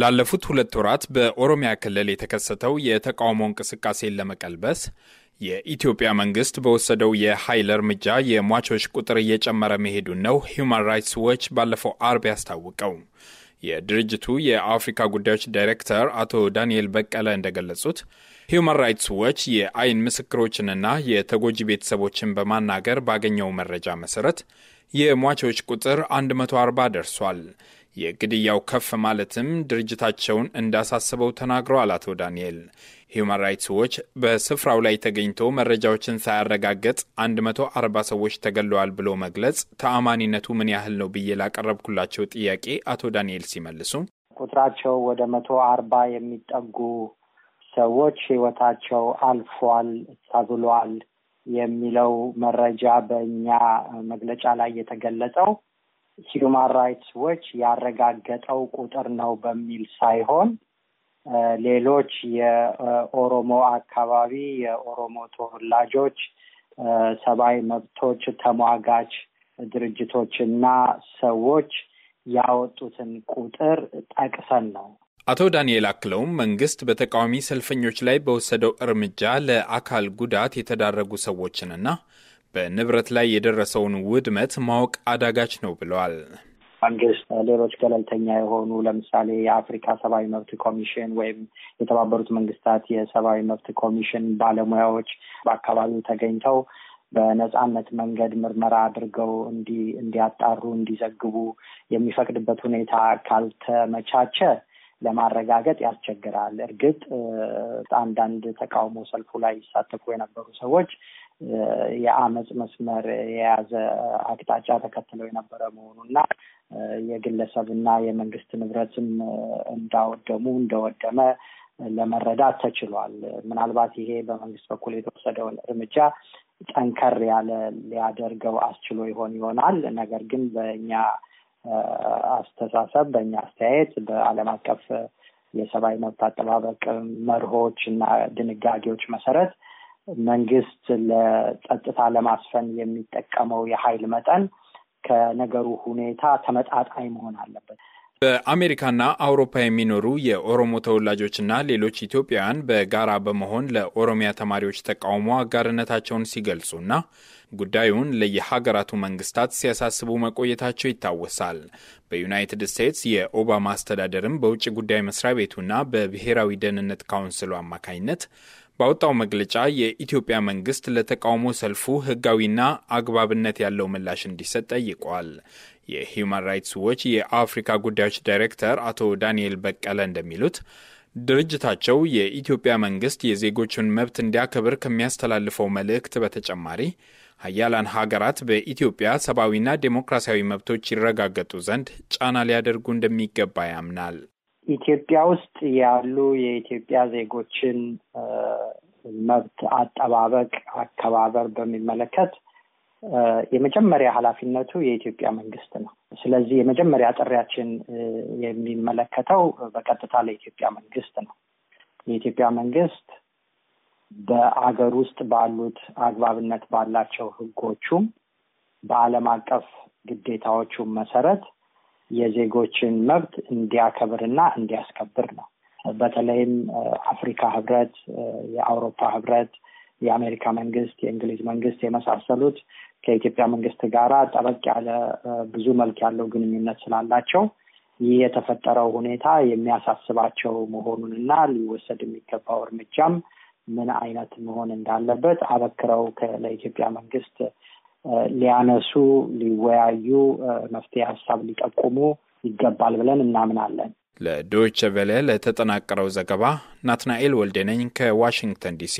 ላለፉት ሁለት ወራት በኦሮሚያ ክልል የተከሰተው የተቃውሞ እንቅስቃሴን ለመቀልበስ የኢትዮጵያ መንግስት በወሰደው የኃይል እርምጃ የሟቾች ቁጥር እየጨመረ መሄዱን ነው ሂዩማን ራይትስ ዎች ባለፈው አርብ ያስታውቀው። የድርጅቱ የአፍሪካ ጉዳዮች ዳይሬክተር አቶ ዳንኤል በቀለ እንደገለጹት ሂዩማን ራይትስ ዎች የአይን ምስክሮችንና የተጎጂ ቤተሰቦችን በማናገር ባገኘው መረጃ መሰረት የሟቾች ቁጥር 140 ደርሷል። የግድያው ከፍ ማለትም ድርጅታቸውን እንዳሳስበው ተናግረዋል አቶ ዳንኤል። ሂውማን ራይትስ ዎች በስፍራው ላይ ተገኝቶ መረጃዎችን ሳያረጋገጥ 140 ሰዎች ተገለዋል ብሎ መግለጽ ተአማኒነቱ ምን ያህል ነው ብዬ ላቀረብኩላቸው ጥያቄ አቶ ዳንኤል ሲመልሱ ቁጥራቸው ወደ መቶ አርባ የሚጠጉ ሰዎች ህይወታቸው አልፏል ተብሏል የሚለው መረጃ በእኛ መግለጫ ላይ የተገለጸው ሂዩማን ራይትስ ዎች ያረጋገጠው ቁጥር ነው በሚል ሳይሆን ሌሎች የኦሮሞ አካባቢ የኦሮሞ ተወላጆች ሰብአዊ መብቶች ተሟጋች ድርጅቶችና ሰዎች ያወጡትን ቁጥር ጠቅሰን ነው። አቶ ዳንኤል አክለውም መንግስት በተቃዋሚ ሰልፈኞች ላይ በወሰደው እርምጃ ለአካል ጉዳት የተዳረጉ ሰዎችንና በንብረት ላይ የደረሰውን ውድመት ማወቅ አዳጋች ነው ብለዋል። መንግስት ሌሎች ገለልተኛ የሆኑ ለምሳሌ የአፍሪካ ሰብአዊ መብት ኮሚሽን ወይም የተባበሩት መንግስታት የሰብአዊ መብት ኮሚሽን ባለሙያዎች በአካባቢው ተገኝተው በነጻነት መንገድ ምርመራ አድርገው እንዲ እንዲያጣሩ እንዲዘግቡ የሚፈቅድበት ሁኔታ ካልተመቻቸ ለማረጋገጥ ያስቸግራል። እርግጥ አንዳንድ ተቃውሞ ሰልፉ ላይ ይሳተፉ የነበሩ ሰዎች የአመፅ መስመር የያዘ አቅጣጫ ተከትለው የነበረ መሆኑ የግለሰብ የግለሰብና የመንግስት ንብረትም እንዳወደሙ እንደወደመ ለመረዳት ተችሏል። ምናልባት ይሄ በመንግስት በኩል የተወሰደውን እርምጃ ጠንከር ያለ ሊያደርገው አስችሎ ይሆን ይሆናል። ነገር ግን በእኛ አስተሳሰብ፣ በእኛ አስተያየት በዓለም አቀፍ የሰብአዊ መብት አጠባበቅ መርሆች እና ድንጋጌዎች መሰረት መንግስት ለጸጥታ ለማስፈን የሚጠቀመው የኃይል መጠን ከነገሩ ሁኔታ ተመጣጣኝ መሆን አለበት። በአሜሪካና አውሮፓ የሚኖሩ የኦሮሞ ተወላጆችና ሌሎች ኢትዮጵያውያን በጋራ በመሆን ለኦሮሚያ ተማሪዎች ተቃውሞ አጋርነታቸውን ሲገልጹና ጉዳዩን ለየሀገራቱ መንግስታት ሲያሳስቡ መቆየታቸው ይታወሳል። በዩናይትድ ስቴትስ የኦባማ አስተዳደርም በውጭ ጉዳይ መስሪያ ቤቱና በብሔራዊ ደህንነት ካውንስሉ አማካኝነት ባወጣው መግለጫ የኢትዮጵያ መንግስት ለተቃውሞ ሰልፉ ህጋዊና አግባብነት ያለው ምላሽ እንዲሰጥ ጠይቋል። የሂውማን ራይትስ ዎች የአፍሪካ ጉዳዮች ዳይሬክተር አቶ ዳንኤል በቀለ እንደሚሉት ድርጅታቸው የኢትዮጵያ መንግስት የዜጎቹን መብት እንዲያከብር ከሚያስተላልፈው መልእክት በተጨማሪ ሀያላን ሀገራት በኢትዮጵያ ሰብአዊና ዴሞክራሲያዊ መብቶች ይረጋገጡ ዘንድ ጫና ሊያደርጉ እንደሚገባ ያምናል። ኢትዮጵያ ውስጥ ያሉ የኢትዮጵያ ዜጎችን መብት አጠባበቅ፣ አከባበር በሚመለከት የመጀመሪያ ኃላፊነቱ የኢትዮጵያ መንግስት ነው። ስለዚህ የመጀመሪያ ጥሪያችን የሚመለከተው በቀጥታ ለኢትዮጵያ መንግስት ነው። የኢትዮጵያ መንግስት በአገር ውስጥ ባሉት አግባብነት ባላቸው ህጎቹም በዓለም አቀፍ ግዴታዎቹም መሰረት የዜጎችን መብት እንዲያከብርና እንዲያስከብር ነው። በተለይም አፍሪካ ህብረት፣ የአውሮፓ ህብረት፣ የአሜሪካ መንግስት፣ የእንግሊዝ መንግስት የመሳሰሉት ከኢትዮጵያ መንግስት ጋር ጠበቅ ያለ ብዙ መልክ ያለው ግንኙነት ስላላቸው ይህ የተፈጠረው ሁኔታ የሚያሳስባቸው መሆኑንና ሊወሰድ የሚገባው እርምጃም ምን አይነት መሆን እንዳለበት አበክረው ለኢትዮጵያ መንግስት ሊያነሱ፣ ሊወያዩ፣ መፍትሄ ሀሳብ ሊጠቁሙ ይገባል ብለን እናምናለን። ለዶይቸ ቬለ ለተጠናቀረው ዘገባ ናትናኤል ወልዴነኝ ከዋሽንግተን ዲሲ